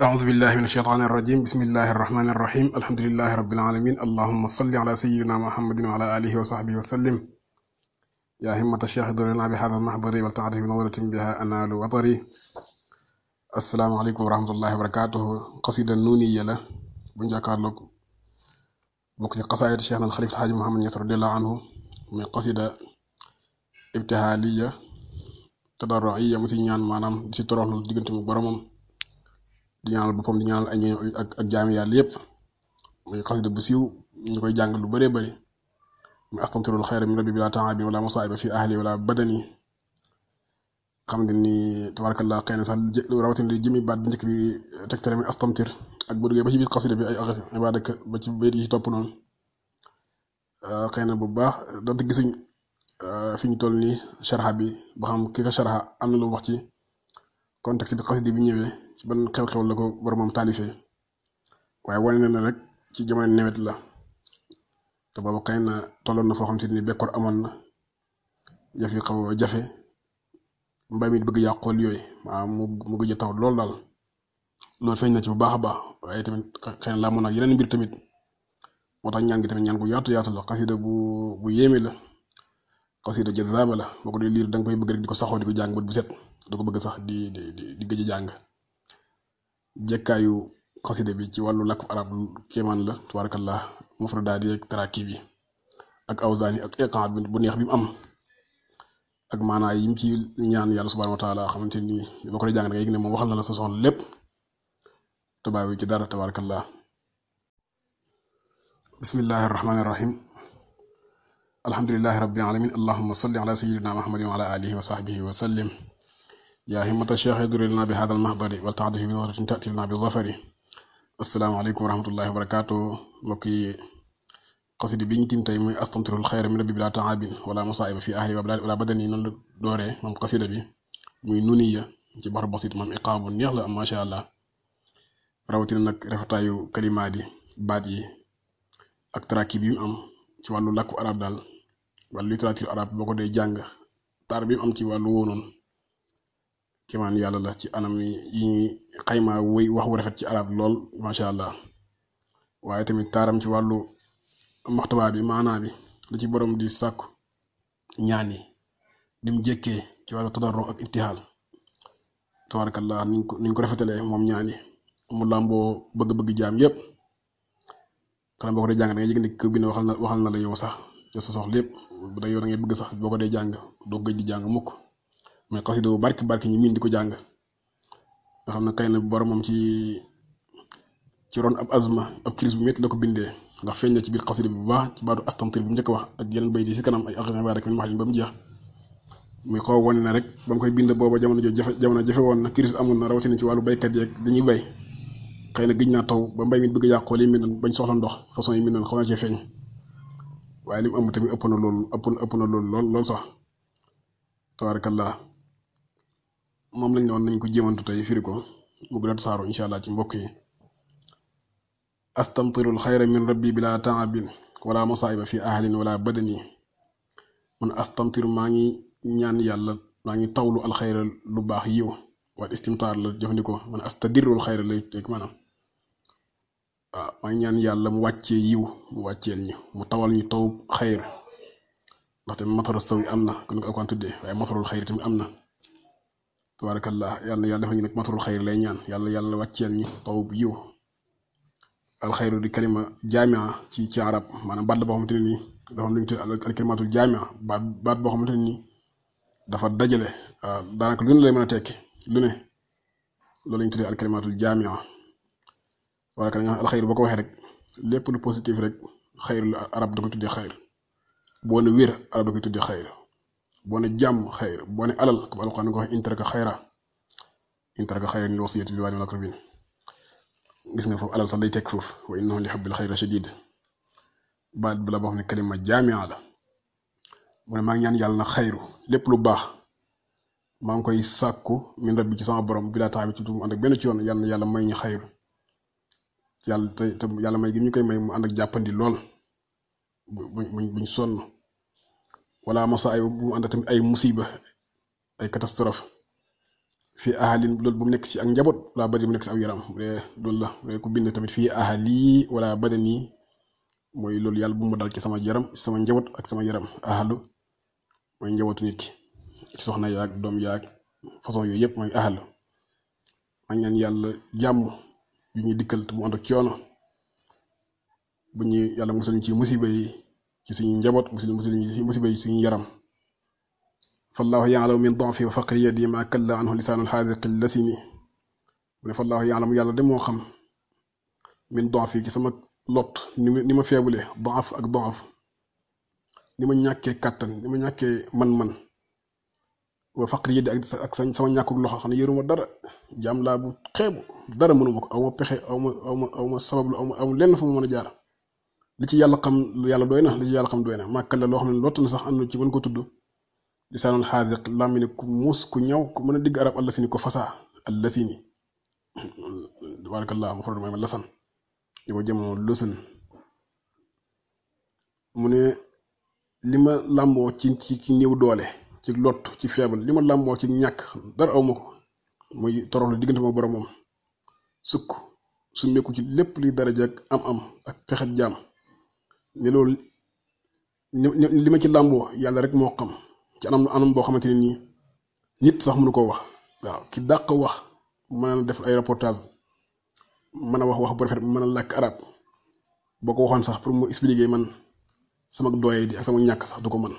أعوذ بالله من الشيطان الرجيم بسم الله الرحمن الرحيم الحمد لله رب العالمين اللهم صل على سيدنا محمد وعلى آله وصحبه وسلم يا همة الشيخ دورنا بهذا المحضر من بنظرة بها أنا وطري السلام عليكم ورحمة الله وبركاته قصيدة نونية لا بنجاكار لك مقصد قصائد الشيخ الخليفة الحاج محمد يسر رضي الله عنه من قصيدة ابتهالية تضرعية مثل نيان مانام دي تروح لو di ñaanal boppam di ñaanal ay ñoom ak ak yàlla yépp muy xasida bu siiw ñu koy jàng lu bare bëri mu astantirul xayra min rabbi bi laa taabi wala musaiba xam nga ni tabarakallah xëy na sax rawatina li jëmi baat bu njëkk bi tegtale mi astantir ak bu duggee ba ci biir xasida bi ay ibaada ba ci bayt yi topp noonu euh, xëy na bu baax donte gisuñ euh, fi ñu toll nii sharha bi ba xam ki ko am na lu wax ci contexte bi xasidi bi ñëwee ci ban xew-xew la ko boromam taalifee waaye wane na rek ci jamono nawet la te boobu xëy na tolloon na foo xam si ni bekkor amoon na jaf xaw jafe mbay mi bëgg yàqool yooyu maanaam mu mu gëj a taw lool daal loolu feeñ na ci bu baax a baax waaye tamit xëy na laa mën ak yeneen mbir tamit moo tax ñaan gi tamit ñaan gu yaatu yaatu la xasida bu bu yéeme la xasida jëddaaba la boo ko dee liir da nga koy bëgg rek di ko saxoo di ko jàng bët bu set du ko bëgg sax di di di gëj a jàng jekkaayu xasida bi ci wàllu làkku arab kéemaan la tabarakallah mufradaat yi ak taraakib ak awzaani ak iqan bu neex bi am ak maanaa yi mu ci ñaan yàlla subhanahu wa taala xamante ni ba ko dee jàng moom waxal la sa soxla lépp tubaabu ci dara tabarakallah bismillahi rahmaani rahim alhamdulillahi rabbil alamin allahumma salli ala sayyidina muhammadin wa ala alihi wa sahbihi wa sallim يا همة الشيخ يدري لنا بهذا المحضر والتعاطف بظهر تأتي لنا بالظفر السلام عليكم ورحمة الله وبركاته مكي قصيدي بين تيم تيم استمتر الخير من ربي بلا تعاب ولا مصائب في اهلي ولا بدني نون دوري من قصيده بي موي نونيا جي بسيط من اقاب يلا ما شاء الله راوتي نك رفتايو كلمه دي بات يي اك ام سي والو لاكو عرب دال والو تراكيب عرب بوكو دي جانغ ام سي والو kéemaan yàlla la ci anam yi ñuy xayma wéy wax wu rafet ci arab lool macha allah waaye tamit taaram ci wàllu maxtaba bi maanaa bi la ci borom di sàkku ñaan di mu jékkee ci wàllu tadarru ak ibtihaal tabarakallah niñ ko niñ ko rafetalee moom ñaan yi mu làmboo bëgg-bëgg jaam yépp xanaa boo ko dee jàng da ngay bi ne waxal na waxal na la yow sax yow sa soxla yépp bu dee yow da ngay bëgg sax boo ko dee jàng doo gëj di jàng mukk mais xasida bu barki barki ñu miin di ko jàng nga xam ne xëy na boromam ci ci ron ab azma ab crise bu métti la ko bindee ndax feeñ na ci biir xasida bu baax ci baatu astamtir bu njëkk wax ak yeneen bayit yi si kanam ay axsin barak min wax yin mu jeex muy na rek ba mu koy bind booba jamono jo jafe jamono jafe woon na crise amoon na rawatina ci wàllu baykat yeeg dañuy bay xëy na gëj naa taw ba mbay mi bëgg yàqoo li mel noonu bañ soxla ndox façon yi mel noonu xaw na cee feeñ waaye li mu am tamit ëpp na loolu ëpp ëpp na loolu lool lool sax tabarakallah moom lañ doon nañ ko jéemantu tey firi ko mu gën a tasaaroo incha allah ci mbokk yi astamtirul xayra min rabbi bila taabin wala masaiba fi ahlin wala badani man astamtir maa ngi ñaan yàlla maa ngi tawlu alxayra lu baax yiw wala istimtaar la jëfandikoo man astadirul xayra lay teg maanaam maa ngi ñaan yàlla mu wàccee yiw mu wàcceel ñu mu tawal ñu taw xayr ndaxte mataru sawi am na kon ko akwaan tuddee waaye matarul xayr tamit am na tabarakallah yalla yalla defal ñu nak matul khair lay ñaan yalla yalla waccel ñu tawb yu al khairu di kalima jamia ci ci arab manam bad bo xamanteni ni dafa ñu ci al kalimatul jamia bad bat bo xamanteni ni dafa dajale ah, danaka lu ñu lay mëna tekki lu ne loolu lañ tuddee al kalimatul jamia wala kan nga al khairu bako waxe rek lepp lu positif rek khairul arab da ko tuddee khair bo ne wir arab da ko khairu boo ne jàmm xayr boo ne alal comme alxuraan nga wax intaraka xayra intaraka xayra ni wasiyati bil waalidayni wal aqrabiin gis nga foofu alal sax day tekk foofu wa innahu li xubbil xayri shadiid baat bi la boo xam ne kalima jaamia la mu ne maa ngi ñaan yàlla na xayru lépp lu baax maa ngi koy sàkku min rabbi ci sama borom bi laa tax bi ci mu ànd ak benn ci yoon yàlla na yàlla may ñu xayru yàlla te yàlla may gi ñu koy may mu ànd ak jàppandi lool buñ buñ sonn wala masaayib bu mu ay musiba ay catastrophe fii ahalin loolu bu mu nekk ci ak njaboot wala bari mu nekk si aw yaram bu dee loolu la bu dee ko bind tamit fii ahali wala badani mooy loolu yàlla bu mu dal ci sama yaram sama njaboot ak sama jaram ahalu mooy njabootu nit ki ci soxna yaag doom yaag façon yooyu yëpp mooy ahalu ma ñaan yàlla jàmm yu ñuy dikkal te mu ànd coono bu ñu yàlla mosul ci musiba yi. suñu njaboot musil musil musiba yi suñu yaram fallahu yaalamu min doofi wa faqri yadi ma kalla anhu lisaanul xaadiqi lasini mu ne fallahu yaalamu yàlla de moo xam min doofi ci sama lot ni ma feebule doof ak doof ni ma ñàkkee kàttan ni ma ñàkkee man-man wa faqri yadi ak sama ñàkkuk loxo xam ne yëruma dara jaam laa bu xeebu dara mënuma ko aw ma pexe aw ma aw ma aw ma sabablu lenn fu mu mën a jaar li ci yàlla xam yàlla dooy na li ci yàlla xam doy na màkkal la loo xam ne lott na sax am na ci mën ko tudd lisaanul xaadiq làmmiñ ku muus ku ñaw ku mën a digg arab àllasini ko fasaa àllasini tabarakallah mu faral mooy ma lasan li ma ne li ma làmboo ci ci néew doole ci lott ci feebal li ma làmboo ci ñàkk muy toroxlu diggante ma boromam sukk su mekku ci lépp luy daraja ak am am ak pexet jaam ne loolu li ma ci làmboo yàlla rek moo xam ci anam anam boo xamante ne nii nit sax mënu koo wax waaw ki dàq wax mën na def ay reportage mën a wax wax bu mën làkk arab boo ko waxoon sax pour mu expliquer man sama doye di ak sama ñàkk sax du ko mën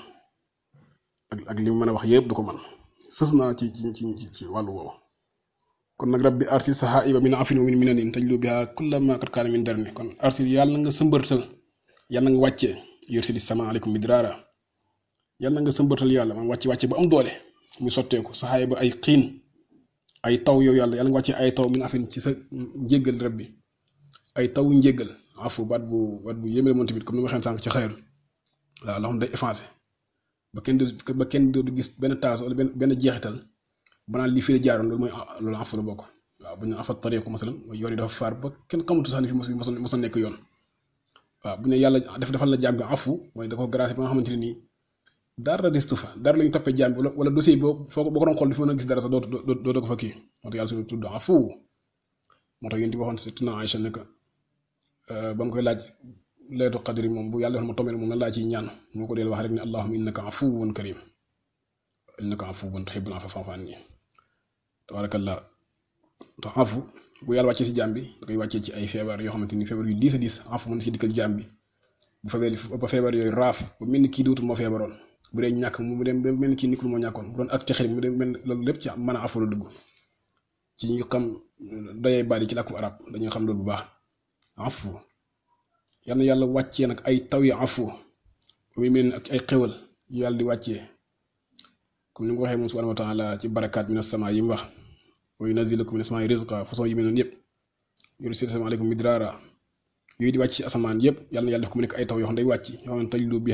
ak ak li mu mën a wax yëpp du ko mën sës naa ci ci ci ci wàllu woowu kon nag rabbi arsil sahaiba min afin wa min minanin tajlu biha kulla ma qad kaana min darni kon arsil yàlla nga sëmbërtal yal na nga wàcce yursil samaa aleykum midraara yal na nga sëmbatal yàlla man wàcce wàcce ba am doole mu sotteeku saxaay ba ay xiin ay taw yow yàlla yal nga wàcce ay taw min afin ci sa njéggal rab bi ay taw njéggal afu baat bu baat bu yéeme la moom tamit comme ni ma waxee sànq ci xayru waaw loo xam day effacé ba kenn du du gis benn taas wala benn benn jeexital lii fii la jaaroon loolu mooy loolu afu la bokk waaw bu ñu afa tariqu masalan mooy yoon yi dafa faar ba kenn xamatu sax ni fi yoon waaw bu ne yàlla def defal na jaam bi afu mooy da ko grâce ba nga xamante ne nii dara destu fa dara la ñu toppee jaam bi wala dossier bi foo ko boo ko doon xool du fi mën a gis doo doo doo ko fa kii moo tax yàlla suñu tudd afu moo tax yéen di waxoon surtout na Aïcha ne que euh, ba mu koy laaj laytu qadri moom bu yàlla defal ma tomeel moom laa ciy ñaan moo ko del wax rek ne allahumma innaka afuwun karim innaka afuwun tuhibbul afwa fa'fu tabarakallah te afu bu yàlla wàccee si jaam bi da koy wàccee ci ay feebar yoo xamante ni feebar yu diis a diis en mën si dikkal jaam bi bu feebar ba feebar yooyu raaf ba mel ni kii dootul moo feebaroon bu dee ñàkk mu dem ba mel ni kii nekkul moo ñàkkoon bu doon ak texir mu dem mel loolu lépp ci mën a ci ñu xam dayee baat yi ci xam loolu bu baax afu yal na yàlla wàccee nag ay taw yi afu muy mel ni ak ay xewal yàlla di wàccee comme ni mu ko waxee moom subhanahu wa taala ci barakaat mina sama yi mu wax wa yunazzilakum min as-samaa'i rizqan façon yi mel noonu yëpp yursilu sama aleykum midraara yooyu di wàcc ci asamaan yëpp yàlla na yàlla def ko mu ay taw yoo xam day wàcc yoo xam ne tajlu bu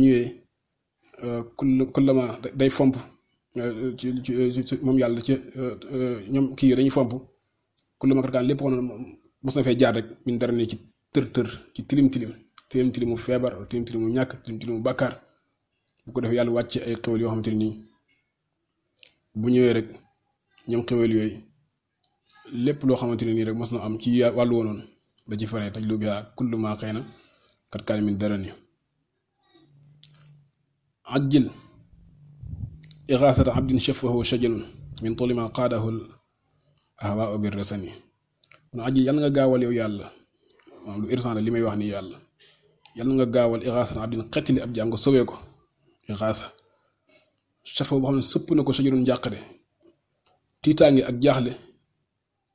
ñëwee euh, kullama day fomp euh, ci ci moom yàlla ci euh, ñoom kii dañuy fomp kullama karkaan lépp ko noonu mos na fee jaar rek mu dara nii ci tër tër ci tilim tilim tilim mu feebar tilim mu ñàkk tilim tilimu bàkkaar bu ko defee yàlla wàcc ay tool yoo xamante ni bu ñëwee rek ñam xewel yoy lépp lo xamanteni ni rek mësna am ci walu wonon da ci fare taj lu bi kullu ma xëy kat kan min darani ajil ajjil abdin shafahu shajal min tulima qadahu al ahwa bir rasani no ajil yàlla nga gawal yow yàlla maanaam lu irsan la limay wax ni yàlla yàlla nga gawal ixaasata abdin qatil abdi am nga sowe ko ixaasa shafahu bo xamne sëpp na ko shajanun njàqade tiitaange ak jaxle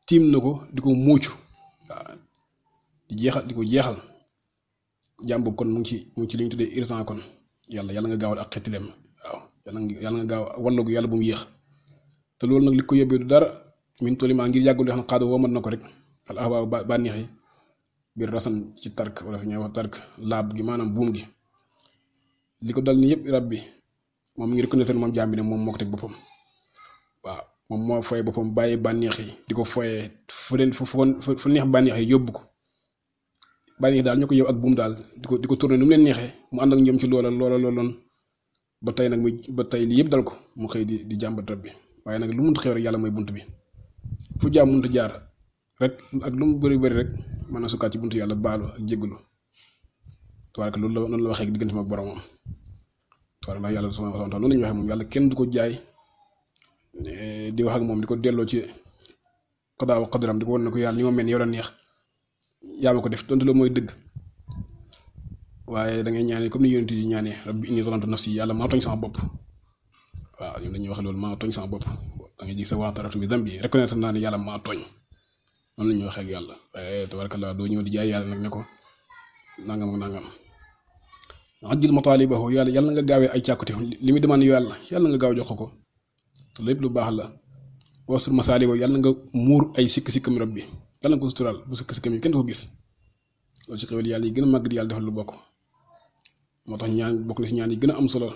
tim nako diko muccu di jeexal diko ko jeexal jàmm kon mu ci mu ci liñ tuddé urgent kon yalla yalla nga gawal ak xetilem waaw yalla nga yalla nga gaaw gu yalla bu mu yéex te loolu nak liko ko du dara min tolima ngir yagul xam xaadu woo nako rek al ahwaaw bànneex bir rasan ci tark wala fi ñuy tark lab gi manam buum gi liko dal ni yeb rabbi mom ngir ko reconnaître mom jambi ne mom tek bopam waaw mom mo foye bopam baye bànneex yi di ko foye fu fu neex bànneex yi yóbbu ko bànneex dal ñu ko yow ak bum dal diko ko di num mu leen neexee mu and ak ñom ci loola loola looloon ba tay nak ba tay li yeb dal ko mu xey di di jamba rab bi waaye nag lu mu xew rek yalla moy buntu bi fu jaam muntu jaar rek ak lu mu bari bari rek man na sukkaat ci buntu yalla balu ak jéggulu tubaarka ko la non la waxee diggante ak boromam tubaarka yàlla subhanahu wa taala non ñu waxee moom kenn duko jaay Eh, di wax ak moom di ko delloo ci xadaa wa xadaram di ko wan ne ko yàlla li ma mel yow la neex yaa ma ko def donte loolu mooy dëgg waaye da ngay ñaanee comme ni yonent yi ñaanee rabbi inni zalamtu nafsi yàlla maa tooñ sama bopp waaw ñun dañuy wax loolu maa tooñ sama bopp da ngay gis sa waataaratu bi zambi reconnaître naa ne yàlla maa tooñ noonu la ñuy waxee ak yàlla waaye eh, tabarakallaa doo ñëw di jaay yàlla nag ne ko nangam ak nangam. ajjil mataalibahu yàlla yàlla nga gaawee ay càkkute li muy demande yàlla yàlla nga gaaw jox ko ko te lu baax la wastur masaali boobu yàlla nga muur ay sikk-sikkam bi yàlla nga ko suturaal bu sikk yàlla yi gën a màgg yàlla defal lu bokk moo tax ñaan bokk na gën a am solo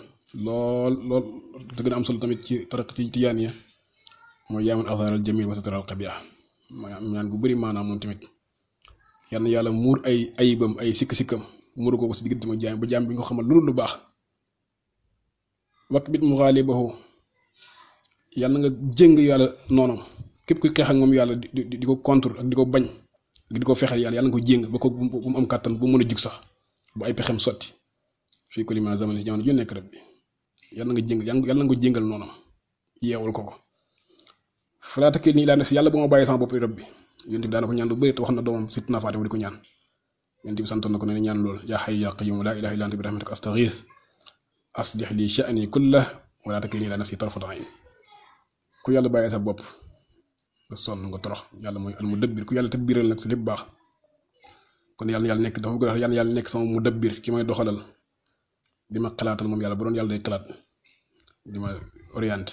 lool lool te gën a am solo tamit ci tariqa ci ya mooy yaaman azaaral jamil wa sataral qabiih maanaam ñaan bu bari maanaam moom tamit yal yàlla muur ay ayibam ay sikk-sikkam muur ko ko si diggante ma jaam bi nga xamal lu lu baax wak bit mu xaali baxu yalla nga jeng yalla noonam kep kuy xex ak mom yalla diko di contre ak diko ko bañ ak di ko fexeel yàlla nga ko jéng ba ko bu am katan bu meuna a sax bu ay pexem soti fi ko lima zamani jamono yu nek rabbi yalla nga jeng yalla nga jengal jëngal yewul ko ko falaata kii ni la ne yalla yàlla bu ma bàyyi sama bop rabbi yent bi daana ko ñaan lu beuy te wax na doomam sit naa faatama di ñaan yent bi sant na ko ne ñaan lool ya hayya ya qayyum la ilaha illa anta bi rahmatika astaghith aslih li sha'ni kullahu wala takilni ila nafsi tarfat ayn ku yàlla bàyyee sa bopp nga sonn nga torox yàlla mooy al mu dëbbir ku yàlla tëbbiral nag sa lépp baax kon yàlla yàlla nekk dafa bëgg yàlla yàlla nekk sama mu dëbbir ki may doxalal di ma xalaatal moom yàlla bu doon yàlla day xalaat di ma orienté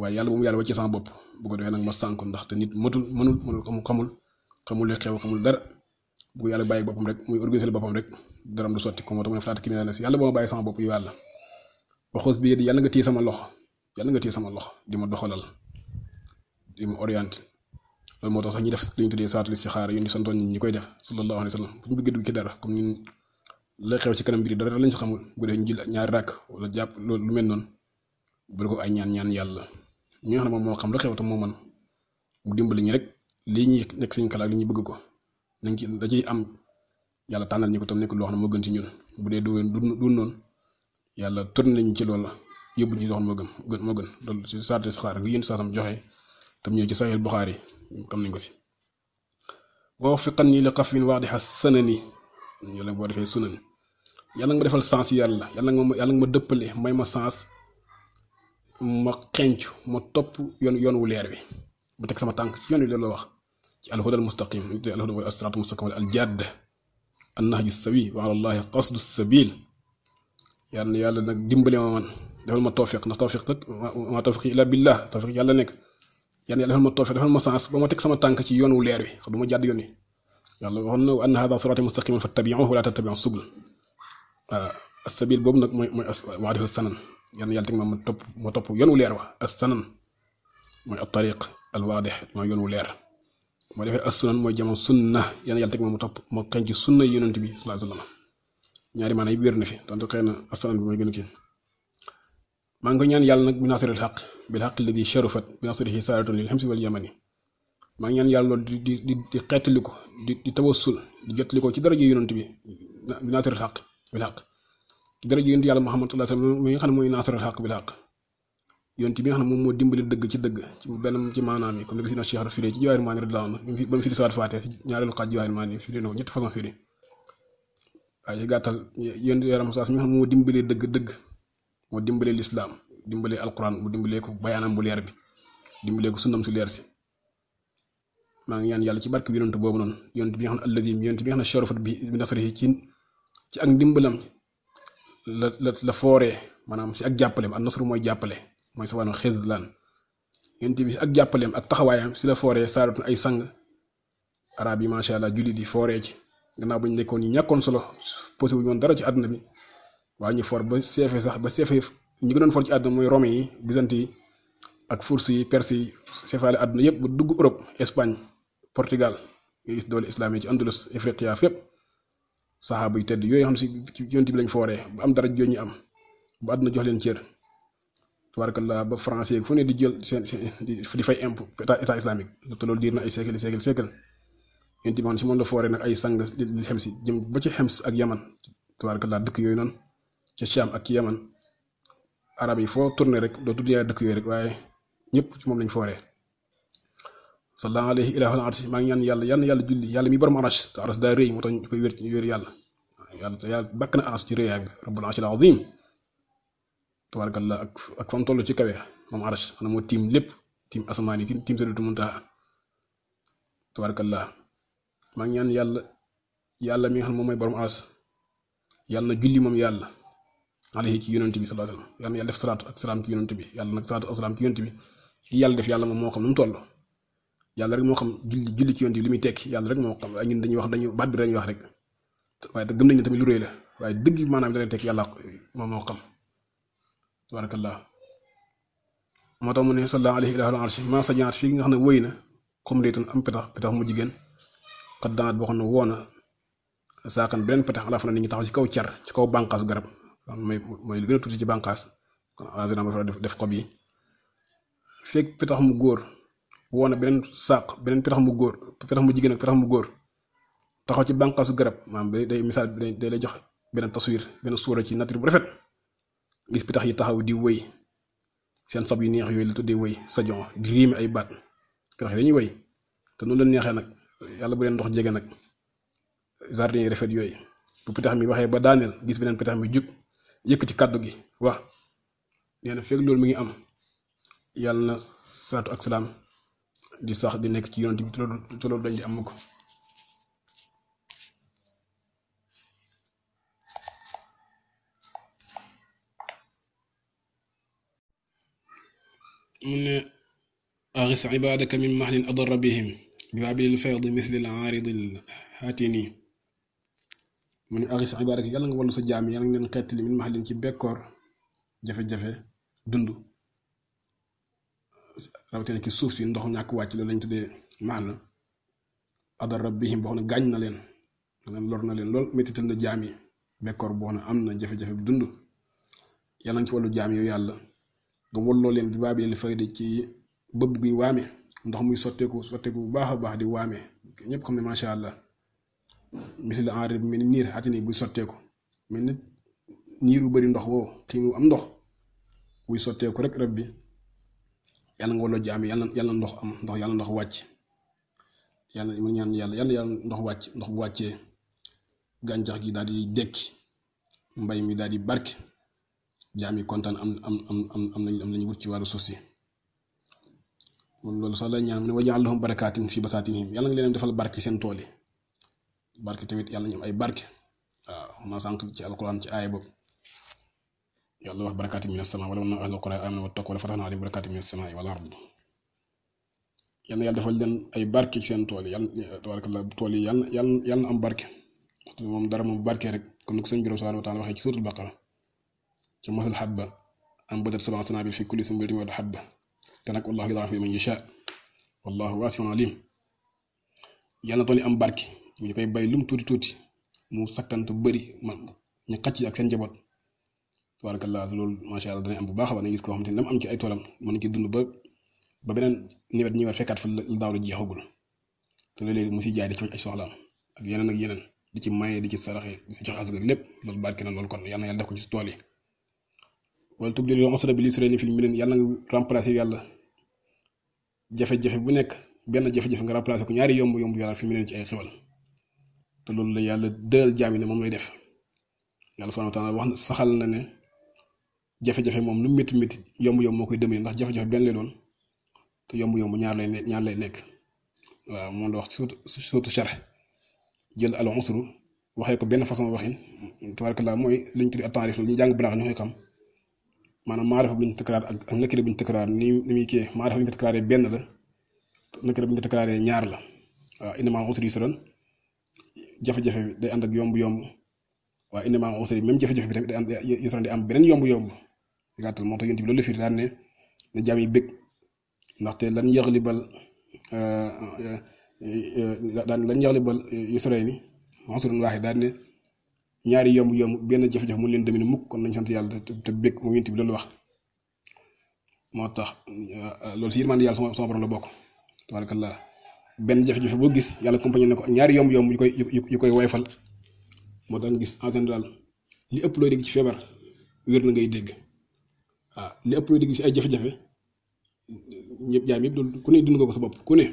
waaye yàlla bu mu yàlla wàccee sama bopp bu ko defee nag ma sànk ndaxte nit matul mënul mënul xamul xamul li xew xamul dara bu yàlla bàyyi boppam rek muy organiser boppam rek daram du sotti ko moo tax ma ne falaata ki ne yàlla boo ma bàyyi sama bopp yu yàlla waxoos bi yéen yàlla nga téye sama loxo yalla nga téye sama lox dima doxalal dima orienter lol motax sax ñi def li ñu tuddee saatul si xaar ñu santoon ñi koy def sallallahu alaihi wasallam bu ñu bëggee dugg ci dara comme ñun la xew ci kanam bi dara lañ si xamul bu def ñu jël ñaari rakk wala japp lol lu mel non bu ko ay ñaan ñaan yalla ñi xam ne moom xam la xew ta mo man mu dimbali ñi rek li ñi nek suñu kala li ñi bëgg ko nañ ci da ci am yalla tanal ñu ko tam nek lo xam ne moo gën ci ñun bu dé du du non yalla tër nañu ci lolou yóbbu ñu doxoon moo gën gën moo gën loolu ci saatu istixaara gi yéen saatam joxe tam ñëw ci sahih bukhari xam nañ ko ci wa wafiqani li qafwin waadixa sanani yàlla boo defee sunan yàlla nga ma defal sens yàlla yàlla nga ma yàlla nga ma dëppale may ma sens ma xenc ma topp yoon yoon wu leer bi ma teg sama tànk ci yoon wi loolu la wax ci alhuda almustaqim te alhuda wal asrat mustaqim al jadd annahju sawi wa ala allahi qasdu sabil yàlla yàlla nag dimbale ma man defal ma tawfiq ndax tawfiq nag ma tawfiq ila billah tawfiq yàlla nekk yàlla yàlla defal ma tawfiq defal ma sens ba ma teg sama tànk ci yoonu leer wi xam du ma jàdd yoon wi yàlla waxoon na an hada sirati mustaqiman fattabi'uhu wa la tattabi'u subul as-sabil boobu nag mooy mooy waadihu sanan yàlla yàlla teg ma ma topp ma topp yoonu leer wa as-sanan mooy at-tariq al-waadih mooy yoonu leer moo defee as-sunan mooy jamono sunna yàlla yàlla teg ma ma topp ma xëy ci sunna yonent bi sallallahu alayhi wa sallam ñaari maanaam yëpp wér na fi donte xëy na as-sanan bi mooy gën a kii maa ngi ko ñaan yàlla nag bi nasril xaq bil xaq li di sharufat bi nasrihi saaratun lil xamsi wal yamani maa ngi ñaan yàlla loolu di di di xeetali ko di di tawassul di jottali ko ci daraja yonent bi bi nasril xaq bil xaq ci daraja yonent yàlla xam ne mooy nasril xaq bil xaq yonent bi nga xam dëgg ci dëgg ci benn ci maanaam yi comme ni ko si na Cheikh firé ci Jawaahir Maani radiyallahu anhu ba mu firi saat faatee xam moo dimbali dëgg dëgg moo dimbale lislaam dimbale alquran mu dimbalee ko bayaanam bu leer bi dimbalee ko sunnam su leer si maa ngi ñaan yàlla ci barke bi yonent boobu noonu yonent bi nga xam ne allazi yonent bi nga ci ak ndimbalam la la fooree maanaam si ak jàppaleem ak nasru mooy jàppale mooy sa sawaanu xizlaan yonent bi si ak jàppaleem ak taxawaayam si la fooree saaratu ay sang arab yi macha allah jullit yi fooree ci gannaaw ba nekkoon ñu ñàkkoon solo posé wuñu woon dara ci àdduna bi waa ñu foor ba seefe sax ba seefe ñu gënoon for ci àdduna mooy Romains yi Byzantins ak Furs yi Perse yi seefaale àdduna yëpp ba dugg Europe Espagne Portugal nga gis doole islam yi ci Andalus Ifriqiya fépp saxaaba yu tedd yooyu xam si ci yonent bi lañ fooree am dara jooju ñu am ba àdduna jox leen cër tabarakallah ba français fu ne di jël seen di fay impôt état état islamique te loolu diir na ay siècle siècle siècle yonent bi xam si moom la fooree nag ay sang li xem si jëm ba ci xems ak yaman tabarakallah dëkk yooyu noonu. ca Sham ak ci Yaman arab yi foo tourné rek doo tudd yàlla dëkk yooyu rek waaye ñëpp ci moom lañ fooree sallallahu alayhi ilahul arsh maa ngi yàlla yal yàlla julli yàlla mi borom arsh te arsh daa rëy moo tax ñu koy yàlla yàlla te yàlla bakk na arsh ci rëyaay bi rabbul arshil azim ci kawe moom arsh moo tiim lépp tiim asamaan yi tiim sëritu muntaha tabarakallah maa ngi ñaan yàlla yàlla mi nga xam moom mooy borom arsh yàlla na julli moom yàlla عليه كي يونت بي صلى الله عليه وسلم يعني يلف صلاة السلام كي يونت بي يلا نك صلاة السلام كي يونت بي كي يلا في يلا موقع من تولو يلا رك موقع جل جل كي يونت لمي تك يلا رك موقع أين دني واحد دني بعد برني واحد واحد قم دني تمي لوريلا واحد دقي ما نام دني تك يلا موقع تبارك الله ما تمني صلى الله عليه وآله وسلم ما سجن عرشي عن وينه كم ديتون أم بتا بتا هم جيجن قد دعت بخن وانا ساكن بين بتا على فلان يتحوش كاو كير كاو بانكاس غرب kon mooy mooy lu gën a tuuti ci bànqaas kon en général def def xob yi fekk pitax mu góor woo na beneen sàq beneen pitax mu góor pitax mu jigéen ak pitax mu góor taxaw ci bànqaasu garab maanaam day day misaal bi day lay jox beneen taswir beneen suura ci nature bu rafet gis pitax yi taxaw di wëy seen sab yu neex yooyu la tuddee wëy sajon di riime ay baat pitax yi dañuy wëy te noonu la neexee nag yàlla bu leen ndox jege nag jardin yi rafet yooyu bu pitax mi waxee ba daaneel gis beneen pitax mi jug. yëkkati kàddu gi wax nee na feeg loolu mi ngi am yàlla na saatu ak salaam di sax di nekk ci yonent bi te loolu dañ di am ko mu ne أغث عبادك من محن أضر بهم بوابل الفيض مثل العارض الهاتني mu ne axis ibaadaka yàlla nga wallu sa jaam yàlla nga leen xettali min max leen ci bekkoor jafe-jafe dund rawatina ci suuf si ndox ñàkk wàcc loolu lañ tuddee max la adar rabbihim boo xam ne gaañ na leen maanaam lor na leen lool mettital na jaam yi bekkoor boo xam ne am na jafe-jafe dund yàlla nga ci wallu jaam yow yàlla nga walloo leen bi baabi leen fayda ci bëbb guy waame ndox muy sotteeku sotteeku bu baax a baax di waame ñëpp xam ne macha allah. misil enrib mel ni niir atini buy sotteeku mel ni niir bu bari ndox woowu kii mu am ndox buy sotteeku rek rab bi yàlla nga wala jaam yàlla ndox am ndox yàlla ndox wàcc yàlla mu ñaan yàlla yàlla yàlla ndox wàcc ndox bu wàccee gàncax gi daal di dekki mbay mi daal di barke jaam yi kontaan am am am am nañ am nañu wut ci wàllu suuf si moom loolu sax la ñaan mu ne waja'al lahum barakaatin fi basaatinihim yàlla nga leen defal barke seen tool yi barke tamit yàlla ñu ay barke waaw ma sank ci alquran ci ay bob yàlla wax barakaati min asama wala na ahlul quran amana wa taqu wala fatahna alayhim barakaati min asama wal ard yalla yàlla defal len ay barke ci sen tool yi yàlla tabarakallah tool yàlla yàlla yàlla am barke mom dara moom barke rek comme ni ko sëñ bi subhanahu wa taala waxe ci suratul baqara ci mahal habba am badat sab'a sanaabil fi kulli sunbulatin wa habba tanak nag wallahu yudaa'ifu liman yashaa wallahu wasi'un alim yàlla na am barke ñu koy bay lum tuuti tuuti mu sakkant bëri man ñu xacc ak seen njaboot tabarakallah loolu macha allah danañ am bu baax a baax gis koo xam ne lam am ci ay toolam mën ci dund ba ba beneen nawet ñëwaat fekkaat fa la daaw la jeexagul te léeg mu si jaay di ci ay soxlaam ak yeneen ak yeneen di ci maye di ci saraxe di ci jox askan lépp loolu barke na loolu kon yal na yàlla def ko ci tool yi wala tub li loon asra bi li suréni fil minen yàlla nga yàlla jafe-jafe bu nekk benn jafe-jafe nga remplacé ko ñaari yomb fi mu neen ci ay te loolu la yàlla dël jaam yi ne moom lay def yàlla subhanahu wa taala wax na saxal na ne jafe-jafe moom lu métti métti yomb-yomb moo koy demee ndax jafe-jafe benn lay doon te yomb-yomb ñaar lay ñaar lay nekk waaw moom la wax surtout surtout charx jël al usru waxee ko benn façon waxin tabarakallah mooy liñ tuddi at ñu jàng balaax ñu koy xam maanaam maarefa bu ñu tëkkaraar ak ak nakira bu ñu tëkkaraar ni ni muy kii maarefa bu ñu ko tëkkaraaree benn la nakira bu ñu ko tëkkaraaree ñaar la waaw innamal usri yusran jafe-jafe bi day ànd ak yomb-yomb waaye indi maam aussi même jafe-jafe bi tamit day ànd yusran di am beneen yomb-yomb ci moo tax yonent bi loolu la firi daan ne na jaam yi bëgg ndaxte lan yaxlibal euh, euh, euh, daan lan yaxlibal yusray ni xasurun waaxi daan ñaari yomb-yomb benn jafe-jafe leen demee mukk kon nañ sant yàlla te bëgg moom yonent bi loolu wax moo tax loolu si yërmande yàlla sama borom la bokk benn jafe-jafe boo gis yàlla compagnie na ko ñaari yomb-yomb yu koy yu koy woyfal moo tax gis en général li ëpp looy dégg ci feebar wér na ngay dégg waaw li ëpp looy dégg ci ay jafe-jafe ñëpp jaam yëpp ku ne dund nga ko sa bopp ku ne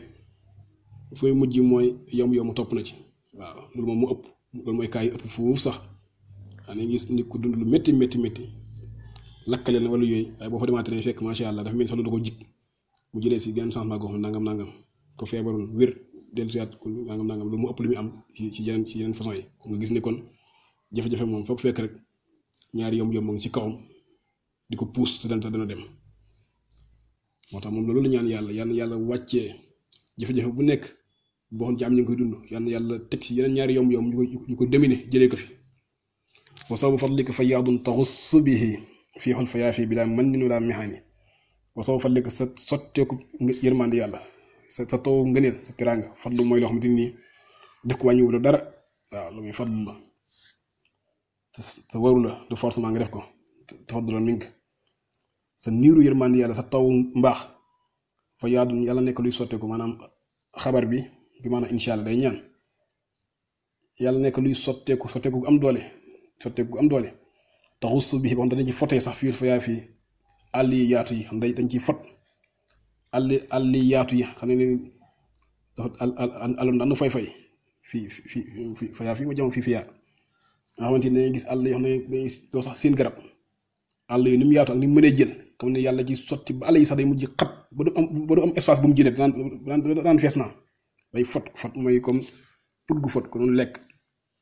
fooy mujj mooy yomb-yomb topp na ci waaw loolu moom mu ëpp loolu mooy kaa yi ëpp foofu sax waaw nañ gis nit ku dund lu métti metti métti lakkale na wala yooyu waaye boo fa demaatee fekk macha allah dafa mel ni sax lu da ko jig mu jëlee si geneen changement goo xam nangam. ko feebarul wér dellusiwaat ku nangam nangam lu mu ëpp lu muy am ci ci yeneen ci yeneen façon yi ko nga gis ni kon jafe-jafe moom foog fekk rek ñaari yomb-yomb a ngi ci kawam di ko puus te dana dem moo tax moom loolu la ñaan yàlla yàlla yàlla wàccee jafe bu nekk boo xam koy dund yàlla yàlla teg ci yeneen ñaari yomb-yomb ñu ko ñu ko dominer jëlee ko fi wa sababu fadlika fayaadun taxussu bihi fa fayaafi bi laa man nin wala mihaani wa sababu fadlika sa sotteeku yërmande yàlla sa sa taw ngëneel sa tiraanga lu mooy loo xamante ni dëkk wàññiwul dara waaw lu muy fadlu la te waru la du forcément nga def ko te fadlu sa niiru yërmande yàlla taw mbaax fa yaadum yàlla nekk luy sotteeku maanaam xabar bi bi maanaam incha nekk luy sotteeku sotteeku am doole sotteeku gu am doole taxus bi ba xam dañ ci fotee sax fii fa yaay fii àll yi yaatu yi xam dañ ciy fot. alli alli yaatu yi xam ne dafa àlloon daan na fay fay fii fii fii fayaa fii ma jam fii fiyaa nga xamante ne dañuy gis àll yoo xam ne dañuy doo sax seen garab àll yi ni mu yaatu ak ni mu mënee jël xam ne yàlla ci sotti ba àll yi sax day mujj xat ba du am ba du am espace bu mu jëlee daan daan naa day fot fot mooy comme put gu fot ko doon lekk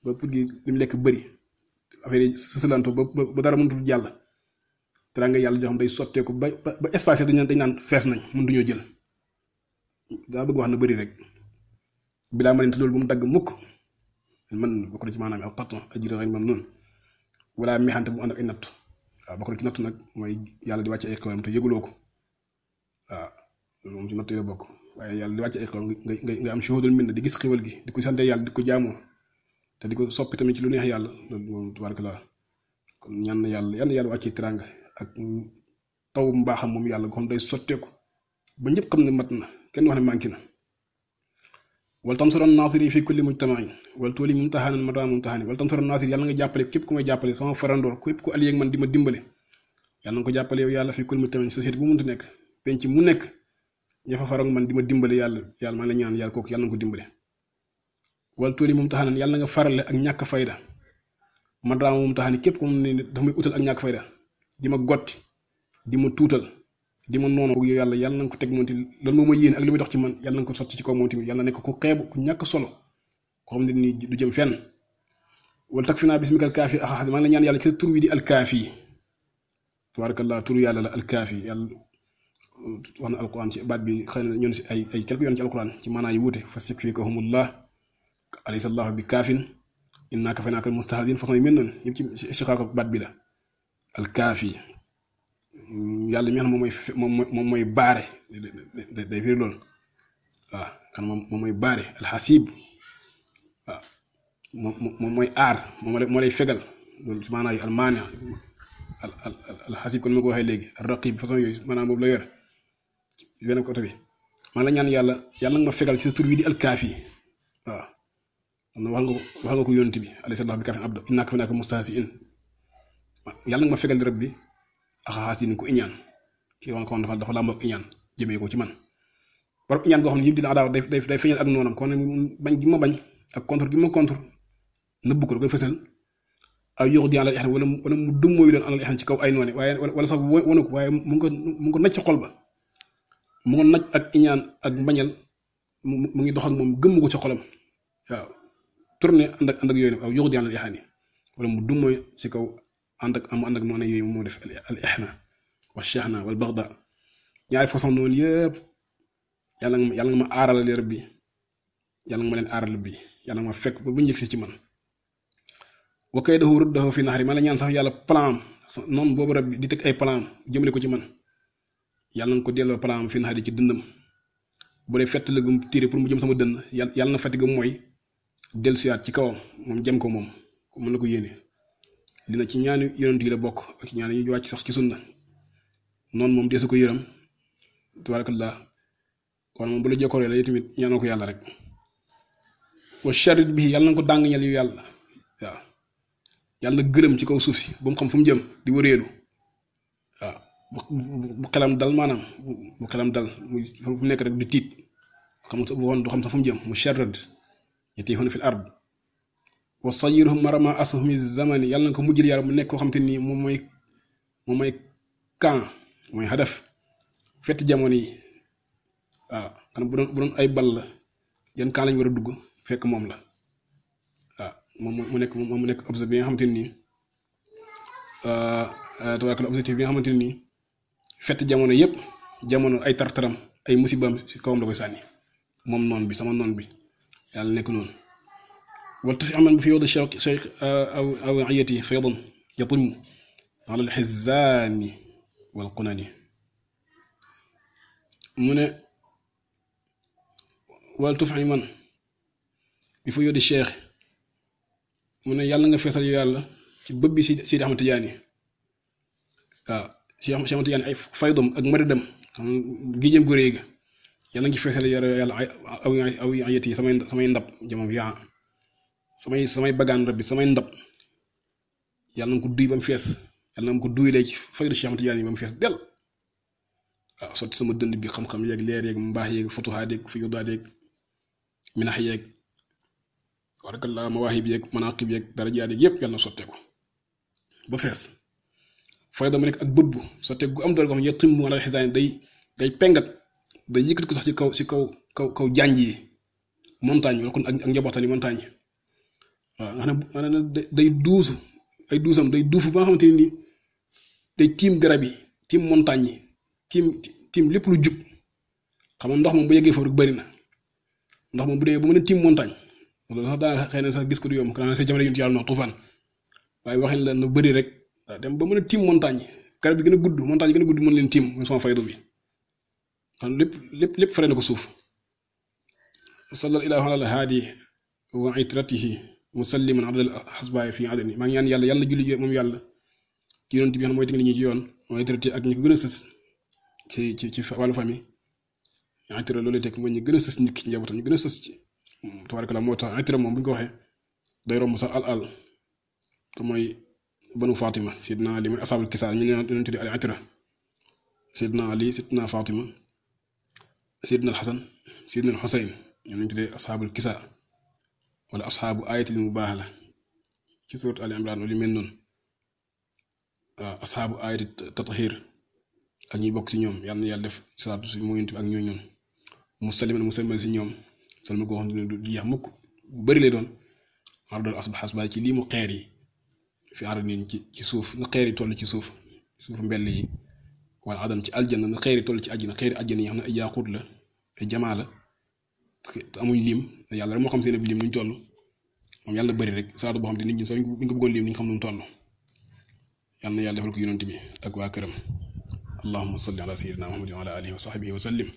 ba put gi li mu lekk bëri affaire yi sësëlanto ba ba dara mënatul jàll teranga yàlla joo xam day sotteeku ba ba espacé dañ dañ naan fess nañ mën duñu jël da bëgg wax na bari rek bila ma leen loolu bu mu dag mukk man bako ci manam al qaton ajira ghayr mamnun wala mi mexante bu ànd ak ay natt waaw ci natt nak moy yalla di wacc ay xewam te yeguloko wa waaw loolu ci natt la bokk waaye yàlla di wacc ay xewam nga nga am shuhudul minna di gis xewal gi di ko sante yalla di ko jamo te di ko soppi tamit ci lu neex yalla loolu moom tubaarkala kon ñan yalla yalla yalla wacc wàccee teraanga ak taw mbaaxam moom yàlla goo xam day sotteeku ba ñëpp xam ne mat na kenn wax ne na wala tam soroon naasir yi fii kulli mujtamain wala tool ma taxaan mu taxaani wala tam soroon naasir yàlla jàppale képp ku may jàppale sama farandoor képp ku allié ak jàppale yàlla fii kulli mujtamain société bu munti nekk penc man di ma dimbale yàlla yàlla maa ngi ñaan yàlla kooku yàlla nga ko dimbale wala tool yi moom taxaanan yàlla nga farale ak ñàkk fayda ma daama moom taxaani képp ku mu ne daf may utal ak ñàkk fayda dima ma gotti di ma tuutal di ma yàlla yàlla nang ko tek moom tamit lan moma yéen ak limi dox ci man yàlla nang ko sotti ci ko moom tamit yàlla nek ku xeb ku ñak solo ko xam ni du jëm fenn wal takfina fi naa bismika alkaafi axax maa ngi la ñaan yàlla ci tur wi di al kafi tabarakallah tur yàlla la al kafi yàlla wan al qur'an ci baat bi xeyna ñun ci ay ay quelque yon ci al qur'an ci maanaa yu wuute fas yakfikahumullah alaysa allahu bi kaafin innaa kafaynaaka almustahzin façon yi mel noonu ci si baat bi la alkaafi yàlla mi nga xam moom mooy moom mooy baare day firi loolu waaw kan moom mooy baare alxasib waaw moom mooy aar moom moo lay fegal loolu su maanaam almaane al al alxasib kon ma ko waxee léegi raqib façon yooyu maanaam boobu la yor benn côté bi man la ñaan yàlla yàlla nga ma fegal ci sa tur wi di alkaafi waaw wax nga ko wax nga ko yonent bi alayhi salaam bi kaafin abda innaka fi naaka mustahsiin yalla nga ma fegal rëb bi axaxaas dina ko iñan kii wan kon dafa dafa lambok iñan jeme ko ci man borop iñan go xamni yim dina daaw day day day feñal ak nonam kon bañ gi ma bañ ak contre gi ma contre nëbb ko da koy fësal aw yox di ala ihna wala wala mu dum moy doon ala ihna ci kaw ay noone waye wala sax wonu ko waye mu ngi mu ngi nacc xol ba mu ngi nacc ak iñan ak bañal mu ngi dox ak mom gëmm ko ci xolam waaw tourner andak andak and yox di ala ihna wala mu dum moy ci kaw ànd ak am ànd ak noonu yooyu moo def al ihna wa shahna wal bagda ñaari façon noonu yépp yàlla nga yàlla nga ma aral leer bi yàlla nga ma len aral bi yàlla ma fek ba bu njëg ci man wa kaydahu ruddahu fi nahri ma la ñaan sax yàlla plan non boobu rab di teg ay plan jëmale ko ci man yàlla nga ko delloo plan fi nahri ci dëndam bu dee fettali gum tiré pour mu jëm sama dënn yàlla na fetti gum mooy dellusiwaat ci kawam moom jëm ko moom mën ko yéene dina ci ñaani yonent yi la bokk ak ci ñaan yi ñu wàcc sax ci sunna noonu moom deesu ko yërëm tabarakallah kon moom bu la jokkooree la tamit ñaanal ko yàlla rek wa charit bi yàlla na ko dàng ñel yu yàlla yàlla na gërëm ci kaw suuf si ba xam fu mu jëm di wëreelu waaw bu xelam dal maanaam bu xelam dal muy fu nekk rek di tiit xam sa woon du xam sax fu mu jëm mu charit yatiihuna fil ard wa sayiruhum marama asuhumi zamani yàlla na ko mujjil yàlla mu nekk koo xam te nii moom mooy moom mooy kan mooy hadaf fett jamono yi waaw xanaa bu doon bu ay bal la yan kan lañ war a dugg fekk moom la waaw moom mu nekk moom mu nekk objectif bi nga xamante ne nii euh, tabarak objectif bi nga xamante ne nii fett jamono yëpp jamono ay tartaram ay musibaam si kawam la koy sànni moom noon bi sama noon bi yàlla nekk noonu والتفع من بفيوض الشرق شرق أو أوعيته فيض يطم على الحزان والقنن من والتفع من بفيوض الشيخ من يالا نغا فيسال يالا سي ببي سيدي احمد تياني اه سي احمد تياني اي فيضم اك مردم غيجيم غوريغا يالا نغي فيسال يالا او او عيتي سماي سماي ندب جامو يا samay samay bagaan bi samay ndab yàlla na ko duy ba mu fees yàlla na ma ko duy lee ci fayda Cheikh Ahmad Tidiane yi ba mu fees dell waaw sotti sama dënd bi xam-xam yeeg leer yeeg mbaax yeeg futuhaat yeeg fuyudaat yeeg minax yeeg barakallah mawaahib yeeg manaqib yeeg darajaat yeeg yëpp yàlla na sotteeku ba fees fayda ma nekk ak bët bu sottee gu am doole ko xam yettim mu wala xisaan day day pengat day yëkkati ko sax ci kaw ci kaw kaw kaw janj yi montagne wala kon ak njabootan yi waaw nga xam ne day duusu ay duusam day duufu ba nga xamante ne nii day tiim garab yi tiim montagne yi tiim tiim lépp lu jub xam ndox moom bu yeggee foofu rek na ndox moom bu dee bu mën a tiim montagne loolu xëy na sax gis ko du yomb xanaa sa jamono yi yàlla noonu tuufaan waaye na bëri rek dem ba mën a tiim montagne garab bi gën a gudd montagne gën a gudd mën leen tiim mu sama faydu bi xam lépp lépp lépp fare na ko suuf sallal ilaahu ala haadi wa yi مسلم من عدد الحسباء في عدن ما يان يلا يلا جل يوم يلا كيرون تبيان ما يتكلم يجيون ما يترتي أكني كغرسس تي تي تي فوالو فامي يعني ترى لولا تكلم ويني غرسس نك نجابوتا نغرسس تي تبارك الله موتا يعني ترى ما بيجوا هاي دايرو مسا ال ال تماي بنو فاطمة سيدنا علي من أصحاب الكسار يعني يعني ترى علي ترى سيدنا علي سيدنا فاطمة سيدنا الحسن سيدنا الحسين يعني ترى أصحاب الكسار wala asxaabu ayatil mubahala ci suurat al imran wala mel noonu waaw asxaabu ayati tatahir ak ñuy bokk si ñoom yàlla na yàlla def salaatu si muyuntu ak ñooy ñoom musaliman musaliman si ñoom salma ko xam ne du jeex mukk bu bëri lay doon xar doon asba xasba ci lii mu xeer yi fi ànd nañ ci ci suuf na xeer yi toll ci suuf suuf mbell yi wala adam ci aljanna na xeer yi toll ci àjjana xeeri àjjana yi xam ne ay yaaxut la ay jamaa la amuñ lim yàlla rek moo xam seen ab lim nuñ toll moom yàlla bëri rek salaatu boo xam te nit ñi sax ñu ko bëggoon lim ñu xam nu mu toll yàlla na yàlla defal ko yonent bi ak waa këram allahumma salli ala sayyidina muhammadin wa ala alihi wa sahbihi wa sallim